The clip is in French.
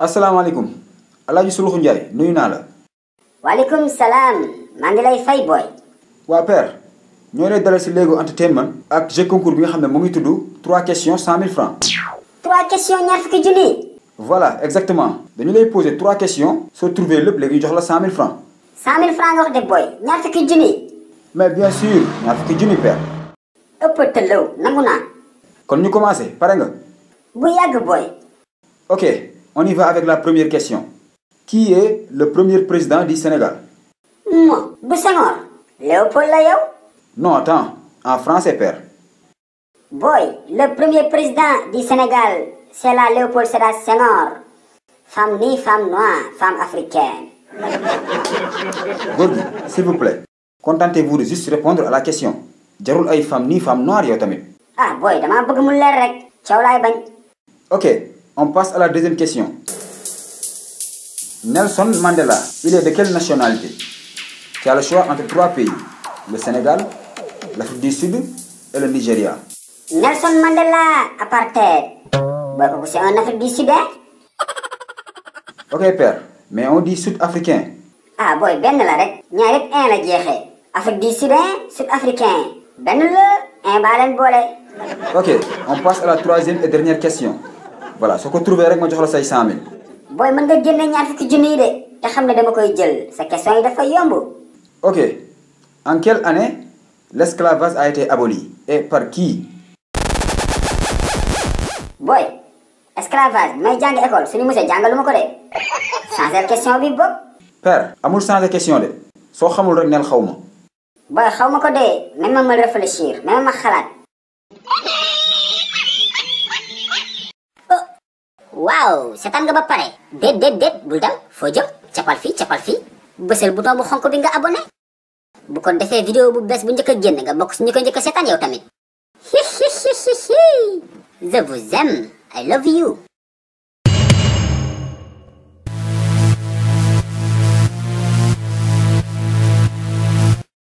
Assalamu suis alaikum. Suluxu Ndiaye, nuyu na la alaikum salam, Man di lay fay N'y Wa père nous Lego entertainment ak jeu concours bi nga xamné mo ngi trois questions cent mille francs 3 questions ñaar fukki voilà exactement Nous lay poser 3 questions so trouver le jox la cent mille francs cent francs nga wax de boy. ñaar mais bien sûr ñaar fukki junni père ëpp tëllëw kon ñu commencer, paré nga bu boy. ok on y va avec la première question. Qui est le premier président du Sénégal Moi, Léopold Layou Non, attends. En français, père. Boy, le premier président du Sénégal, c'est la Léopold Sédar Senghor. Femme ni femme noire, femme africaine. Gordi, s'il vous plaît, contentez-vous de juste répondre à la question. jarul ay femme ni femme noire yow tamit. ah boy damaa bëgg mu leer rek. ok on passe à la deuxième question. Nelson Mandela, il est de quelle nationalité Tu as le choix entre trois pays, le Sénégal, l'Afrique du Sud et le Nigeria. Nelson Mandela, apartheid. Bah, c'est en Afrique du Sud, hein? Ok père, mais on dit sud-africain. Ah boy, ben la rek, en rek un la Afrique du Sud, hein? sud-africain. Ben le, un balen bolé. Ok, on passe à la troisième et dernière question. voilà soo ko trouvé rek moo jox la say 100000. booy mën nga génne ñaar fukki junni de te xam ne dama koy jël sa question yi dafa yomb. ok en quelle année l'esclavage a été aboli et par qui. booy esclavage may jàng école suñu monsieur jàngalu ma ko de changer question bi bopp. père amul changer question de soo xamul rek neel xaw booy xaw ko de même ma réfléchir même ma xalaat. Wow, setan ga bapare. Dead, dead, dead, buldam, fojo, chapal fi, chapal fi. Besel buto bu khonko binga abonai. Eh? Bukon defe video bu bes bunja kerja nengah box mokus nyukon jika setan ya utamit. Hehehehehe. hi, hi, I love you.